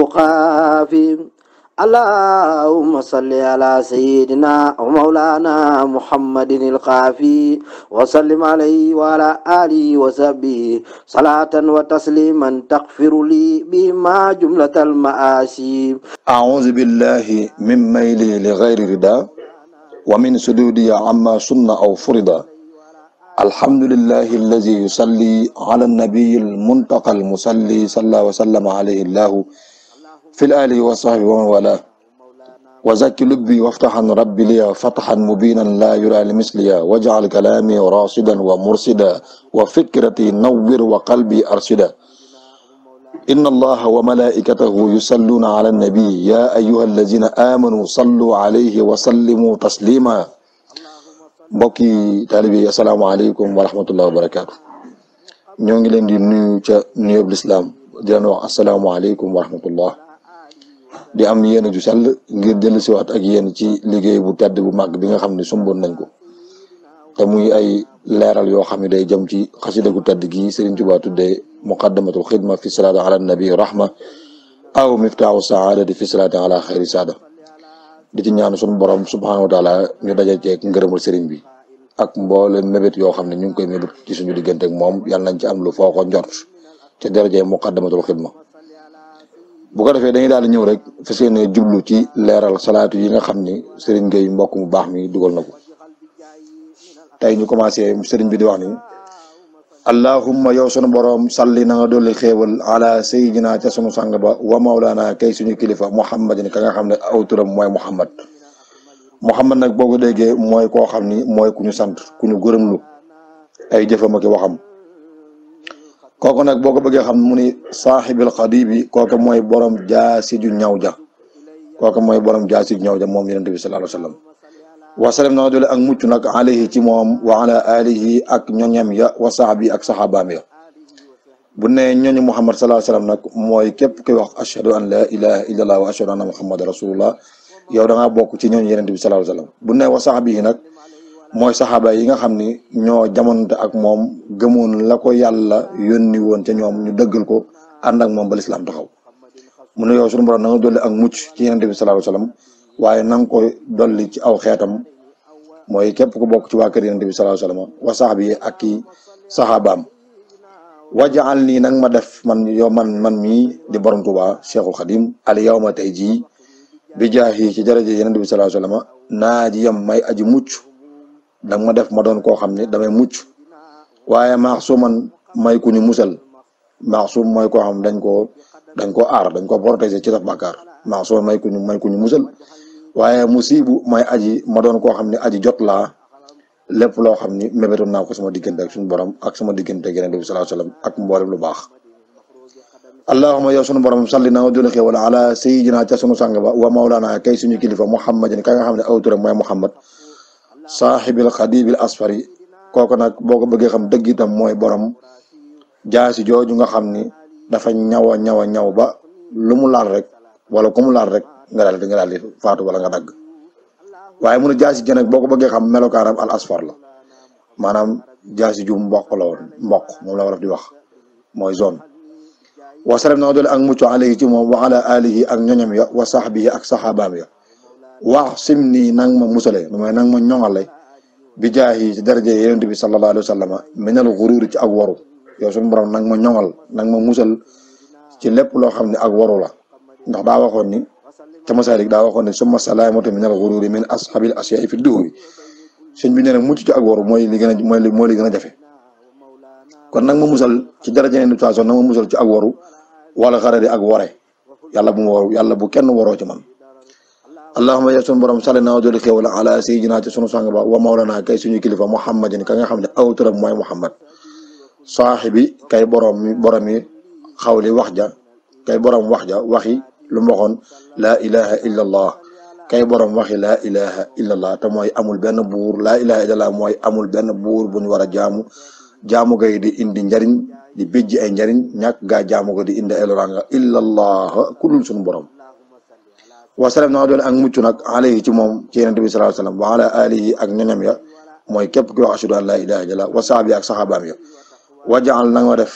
مقافي اللهم صل على سيدنا ومولانا محمد القافي وسلم عليه وعلى آله وصحبه صلاة وتسليما تغفر لي بما جملة المآسي أعوذ بالله من ميلي لغير رضا ومن سدودي عما سن أو فرضا الحمد لله الذي يصلي على النبي المنتقى المصلي صلى وسلم عليه الله fil alihi wa sahbi wa man wala wa zakki lubbi waftahan rabbi liya fathan mubinan la yura li misliya waj'al kalami rasidan wa mursida wa fikrati nawwir wa qalbi arshida إن الله وملائكته يصلون على النبي يا أيها الذين آمنوا صلوا عليه وسلموا تسليما mbokki taalibe yi asalaamaaleykum wa rahmatullahi wa barakaatu ñoo ngi leen di nuyu ca nuyoob lislaam di leen wax asalaamaaleykum wa rahmatullah di am yéene ju sal ngir dellu siwaat ak yéen ci liggéey bu tedd bu màgg bi nga xam ne sumboon nañ ko te muy ay leeral yoo xam ne day jëm ci xasida gu tedd gi Sëriñ Tuubaa tuddee muqaddamatul xidma fi salaati ala nabi rahma aw miftaahu saadati fi salaati ala xayri saada di ci ñaan suñu borom subhaanahu wa taala ñu daja ceeg ngërëmal sëriñ bi ak mboole mébét yoo xam ne ñu ngi koy mébét ci suñu diggante moom yàlla nañ ci am lu foo ko njort te daraje muqaddamatul xidma bu ko defee dañuy daal di ñëw rek fas yéene jublu ci leeral salaatu yi nga xam ni sëriñ Gueye mbokk mu baax mi dugal na ko tey ñu commencé sëriñ bi di wax ni allahumma yow sunu boroom salli na nga dolli xéewal ala sayyidina ca sunu sang ba wa mawlaana kay suñu kilifa muhammadin ka nga xam ne aw turam mooy muhammad muhammad nag boo ko déggee mooy koo xam ni mooy ku ñu sant kuñu ñu lu ay jëfam ak waxam kooku nag boo ko bëggee xam mu ni saaxibil xadibi kooku mooy borom jaasi ju ñaw ja kooku mooy borom jaasi ju ñaw ja moom yonent bi sallallahu alayhi wa sallam na nga ak mucc nag alayhi ci moom wa ala alihi ak ñoñam ya wa sahbi ak saxaabaam ya bu ne ñoñu muhammad sallallahu alayhi wa sallam nag mooy képp koy wax ashhadu an la ilaha illallah wa ashhadu anna muhammadan rasulullah yow da ngaa bokk ci ñooñu yonent bi sallallahu alayhi wa bu ne wa sahbi nag mooy saxaaba yi nga xam ni ñoo jamonte ak moom gëmoon la ko yàlla yónni woon ca ñoom ñu dëggal ko ànd ak moom ba taxaw mu ne yow sunu borom na nga dolli ak mucc ci yonent bi sallallahu alayhi waaye na nga ko dolli ci aw xeetam mooy képp ku bokk ci waa kër yonent bi sallallahu alayhi wa saxaab yi ak i saxaabaam wajaal nii nag ma def man yow man man mii di borom Tuuba Cheikhul Xadim al ma tey jii bi jaahi ci daraja yonent bi sallallahu alayhi wasallam naa ji yam may aji mucc danga ma def ma doon koo xam ne damay mucc waaye maax su man may ku ñu musal maax su mooy koo xam dañ koo dañ koo aar dañ ko protéger ci def bàkkaar maax su may ku ñu may ku ñu musal waaye musibu may aji ma doon koo xam ne aji jot laa lépp loo xam ni mébétoon naa ko sama diggante ak suñu borom ak sama diggante ak yeneen bi sallallahu alayhi wasallam ak mboolem lu baax allahuma yow sunu borom salli na dula xéwal ala sayyidina ca sunu sang ba wa mawlaana kay suñu kilifa muhammadin ka nga xam ne awtura mooy muhammad saaxibil xadibil asfari kooku nag boo ko bëggee xam dëgg itam mooy borom jaasi jooju nga xam ni dafa ñaw a ñaw a ñaw ba lu mu laal rek wala ku mu laal rek nga daal di daal di faatu wala nga dagg waaye mun a jaasi ji nag boo ko bëggee xam melokaanam al asfar la maanaam jaasi ju mboq la woon mboq moom la war a di wax mooy zone wasalam na nga doole ak mucc alayhi ci moom wa ala alihi ak ñoñam ya wa sahbihi ak saxaabaam واعصم لي نعم nang ma نعم نعلي bijaahi ci daraja yonent bi sallallahu alayhi wa sallam minal xuruur ci ak waru yow suñu borom nag ma ñoŋal nag ma musal ci lépp loo xam ne ak waru la ndax daa waxoon ni ca masaalik daa waxoon ni summa salaamatu minal xuruuri min ashabil asyaai fi duhuwi sëñ bi nee na mucc ci ak waru mooy li gën a mooy li mooy li a jafe kon nag ma musal ci daraja yonent bi nag ma musal ci ak waru wala xarari ak ware yàlla bu ma waru yàlla bu kenn waroo ci man allahumma yow suñu borom salli naa dolli xéwal ala sayyidina ci sunu sang ba wa mawlana kay suñu kilifa muhammadin ka nga xam ne aw turam mooy muhammad saaxibi kay borom mi borom mi xawli wax ja kay borom wax ja waxi lu mu waxoon laa ilaha kay borom waxi laa ilaha illa allah te mooy amul benn buur laa ilaha mooy amul benn buur bu ñu war a jaamu jaamu gay di indi njariñ di bijji ay njariñ ñàkk ga jaamu ko di indi ay loraanga illa allah ku borom. wasalam na nga doole ak mucc nag alayhi moom ci yonent bi sallallahu alayhi wasallam wa ala alihi ak ñoñam ya mooy képp ki wax ashhadu an la ilaha illallah wa sahbi ak saxaabaam ya wajaal na nga def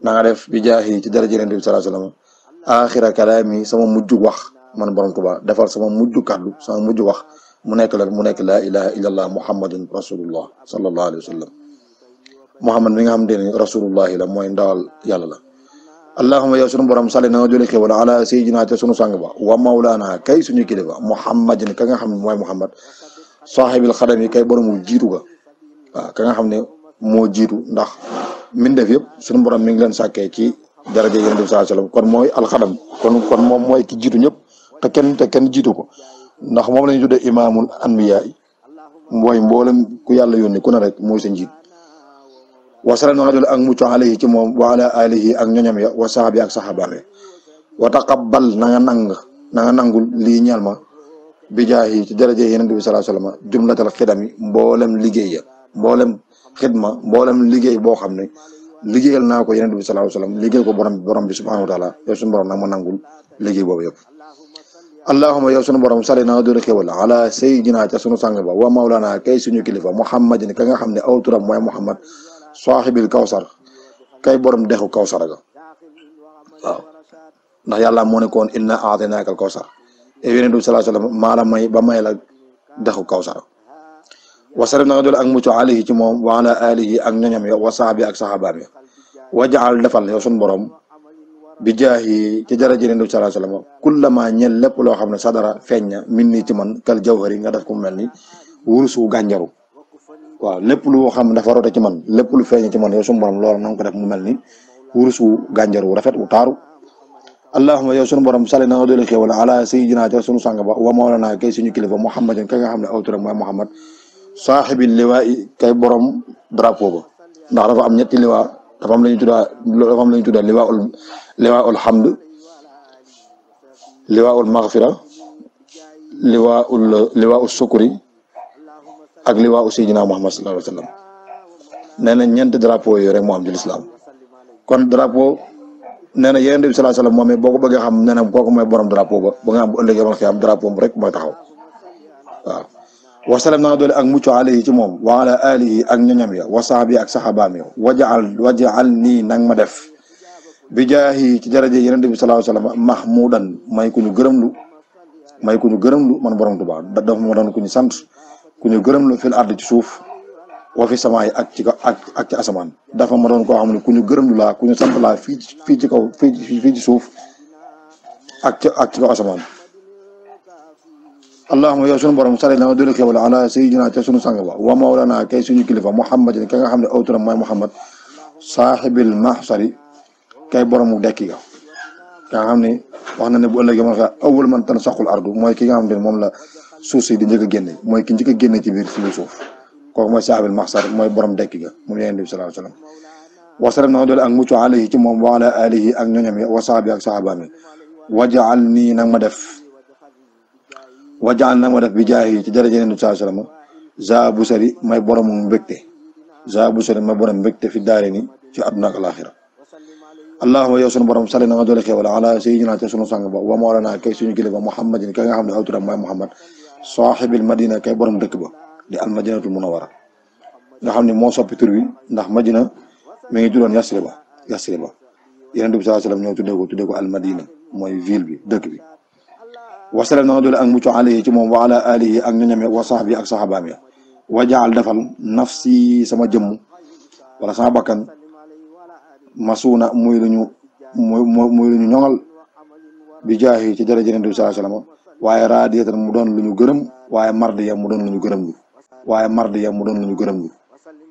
na def bi jaahi ci daraja yonent bi sallallahu alayhi wasallam axira kalaami sama mujj wax man borom Tuubaa defal sama mujju kaddu sama mujj wax mu nekk la mu nekk laa ilaha illallah muhammadun rasulullah sallallahu alayhi wasallam muhammad mi nga xam ne rasulullahi la mooy ndawal yàlla la allahuma yow sunu borom salli na nga a xéwal ala sayyidina te sunu sang ba wa mawlaana kay suñu kilifa muhammadin ka nga xam ne mooy muhammad saaxibil xadam yi kay boromu jiitu ga waaw ka nga xam ne moo jiitu ndax min def yëpp sunu borom mi ngi leen sàkkee ci daraja yonent bi sallallahu alayhi wasallam kon mooy alxadam kon kon moom mooy ki jiitu ñëpp te ken te kenn jiitu ko ndax moom la ñu tuddee imaamul anbiya mooy mboolem ku yàlla yónni ku ne rek mooy sa njiit wasala na rajola ak mucc alayhi ci moom wa ala alihi ak ñoñam ya wa sahabi ak sahabaam ya wa taqabbal na nga nang na nga nangul lii ñal ma bi jaahi ci daraje yeneen bi sallallahu alayhi wa sallam jumlatal xidam yi mboolem liggéey ya mboolem xidma mboolem liggéey boo xam ne liggéeyal naa ko yeneen bi sallallahu alayhi wa sallam liggéey ko borom borom bi subhanahu wa taala yow suñu borom nag ma nangul liggéey boobu yëpp allahuma yow sunu borom sali naa doon xéwal ala sayyidina ca sunu sang ba wa mawlana kay suñu kilifa muhammadin ka nga xam ne aw turam saaxibil kawsar kay borom dexu kawsar ga waaw ndax yàlla moo ne ko woon inna aataynaaka al kawsar et eh, yonent maa may ba may la dexu kawsar wasarif na nga jël ak mucc alayhi ci moom wa ala alihi ak ñoñam yo wa saabi ak saxaabaam yo wajaal defal yow sun borom bi jaahi ci daraja yonent bi salaa sallam kullama lépp loo xam ne sadara feeñ na min nii ci man kal jawhari nga def ko mel ni su wu gànjaru waaw lépp lu xam dafa rote ci man lépp lu feeñ ci man yow sunu borom loolu na nga ko mu mel ni su wu gànjar wu rafet wu taaru allahuma yow sunu borom sali na nga doole xéewal ala sayyidina ca sunu sàng ba wa mawlana kay suñu kilifa muhammadin ka nga xam ne awturam mooy muhammad saaxibi liwaayi kay borom drapeau ba ndax dafa am ñetti liwaa dafa am la ñu tuddaa dafa am la ñu tuddaa liwaa ul liwaa ul xam liwaa ul maghfira liwaa ul liwaa sukuri ak li waa Seydina Muhammad sallallahu alayhi wa sallam nee na ñeenti drapeau yooyu rek moo am ci lislaam kon drapeau nee na yonent bi sallallahu alayhi wa sallam moom it boo ko bëggee xam nee na mooy borom drapeau ba ba nga xam bu ëllëgee ba rek mooy taxaw waaw. wasalam na nga doole ak mucc alayhi ci moom wa ala alihi ak ñoñam ya wa sahbi ak saxabaam ya wajaal wajaal nii nang ma def bi jaahi ci daraje yonent bi sallallahu alayhi wa sallam mahmudan may ku ñu gërëm lu may ku ñu gërëm lu man borom Tuubaa dafa ma doon ku ñu sant. ku ñu gërëm la fil ard ci suuf wa fi samaay ak ci ak ak ci asamaan dafa ma doon koo xam ne ku ñu gërëm laa ku ñu sant laa fii fii ci kaw fii fii ci suuf ak ci ak ci kaw asamaan allahuma yow sunu borom sare na doole xewal ala sayyidina ca sunu sang ba wa mawlana kay suñu kilifa muhammadin ka nga xam ne awturam mooy muhammad saaxibil mahsari kay boromu dekki ga ka nga xam ne wax na ne bu ëllëgee man awal man tan saqul ardu mooy ki nga xam ne moom la suuf si di njëkk a génne mooy ki njëkk a génne ci biir suñu suuf kooku a saabil maxsar mooy borom dekk ga moom yonent bi sallallahu wa sallam wasalam na doole ak mucc alayhi ci moom wa ala alihi ak ñoñam yi wa saabi ak saxaabaam yi wajaal nii nag ma def wajaal nag ma def bi jaahi ci daraja yonent bi sallallahu alayhi wa sallam za bu sari may borom mbégte za bu sari may borom mbégte fi daare ni ci àdduna ak alaaxira allahuma yow sunu borom sali na nga doole xéewal ala sayyidina ci sunu sang ba wa mawlana kay suñu kilifa muhammadin ka nga xam soo saaxibil madina kay borom dëkk ba di al a munawara nga xam ne moo soppitur wi bi ndax madina mi ngi juddoon yasriba yasriba yeneen bi sallallahu alayhi wasallam ñoo tuddee ko tuddee ko al madina mooy ville bi dëkk bi wasalaam na nga doole ak mucc alayhi ci moom wa ala alihi ak ñoñame wa sahbi ak sahabaam ya wa jaal defal nafsi sama jëmm wala sama bakkan masuuna muy luñu muy muy lu ñu ñoŋal bi jaahi ci jërëjëf yeneen bi sallallahu alayhi wasallam waaye raadiyatan mu doon lu ñu gërëm waaye mardiya mu doon lu ñu gërëm lu waaye mardiya mu doon lu ñu gërëm lu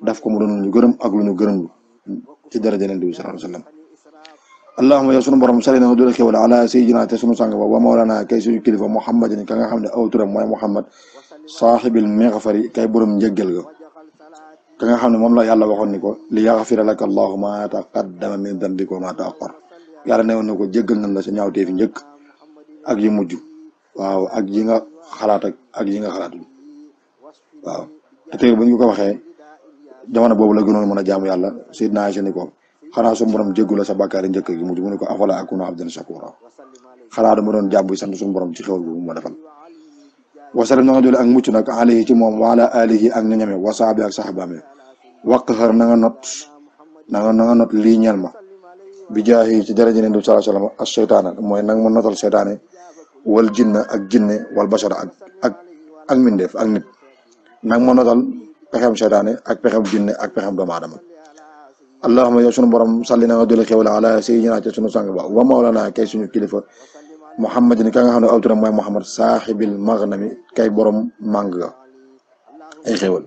daf ko mu doon lu gërëm ak lu ñu gërëm lu ci daraja Nabi sallallahu alayhi wa sallam allahuma sunu borom sali na dula xewal ala sayyidina te sunu sang ba wa mawlana kay suñu kilifa muhammadin ka nga xam ne aw turam mooy muhammad saaxibil mixfari kay borom njëggal ga ka nga xam ne moom la yàlla waxoon ni ko li yaxfira laka allahu ma taqaddama min dambika wa ma taaqar yàlla na ko jéggal nañ la sa ñaawtee fi njëkk ak yu mujj waaw ak yi nga xalaat ak ak yi nga xalaatul waaw te tey bu ñu ko waxee jamono boobu la gënoon a jaamu yàlla Seydina Aysa ni ko xanaa suñu borom jéggu la sa bàkkaari njëkk gi mujj mu ne a afala akunu abdan shakura xanaa dama doon jàmm sant suñu borom ci xewal boobu ma defal wasala na nga jëlee ak mucc nag alayhi ci moom waala alihi ak ñañame wasaabi ak saxabaame waq xër na nga not na nga na nga not lii ñeel ma bi jaahi ci daraja ne du salaa salaam as seytaana mooy nanga ma notal seytaane wal jinna ak jinne wal bashara ak ak ak mindeef ak nit nag ma notal pexem seytaane ak pexem jinne ak pexem doomu aadama allahuma yow sunu borom salli na nga dolli xewla ala sayyidina ca sunu sang ba wa mawlana kay suñu kilifa muhammadin ka nga xam ne awtura mooy muhammad saaxibil maghnami kay borom màng ga ay xewal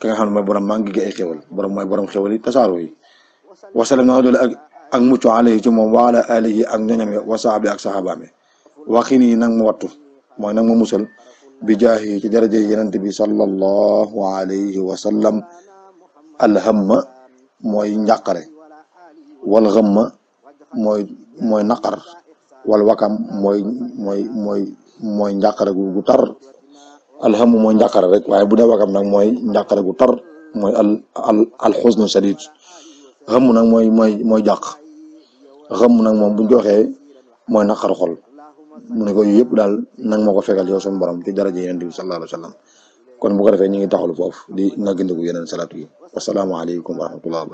ka nga xam ne mooy borom màng ga ay xewal borom mooy borom xewal yi tasaaro yi wasalam na nga dolli ak ak mucc alayhi ci moom wa ala alihi ak ñoñam wa saabi ak saxaabaami waxin yi nag mu wattu mooy nag mu musal bi jaahi ci daraja yenent bi sallallahu alayhi wa sallam alhamma mooy njàqare wal ma mooy mooy naqar wal wakam mooy mooy mooy mooy njàqare gu tar alhamma mooy njàqare rek waaye bu dee wakam nag mooy njàqare gu tar mooy al al alxusnu sadid xamm nag mooy mooy mooy jàq xamm nag moom bu ñu joxee mooy xol mu ne ko yu yëpp daal nang ma ko fegal yow suñu borom ci daraja yonent bi sallallahu alayhi wa sallam kon bu ko defee ñu ngi taxalu foofu di nga gënd ko yeneen salaatu yi wasalaamaaleykum wa rahmatullahi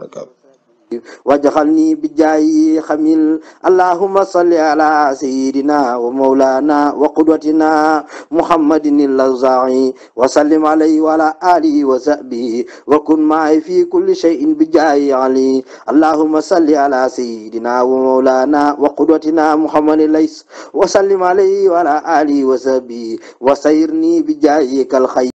واجعلني بجاي خميل اللهم صل على سيدنا ومولانا وقدوتنا محمد اللزاعي وسلم عليه وعلى آله وصحبه وكن معي في كل شيء بجاي علي اللهم صل على سيدنا ومولانا وقدوتنا محمد ليس وسلم عليه وعلى آله وصحبه وسيرني بجايك الخير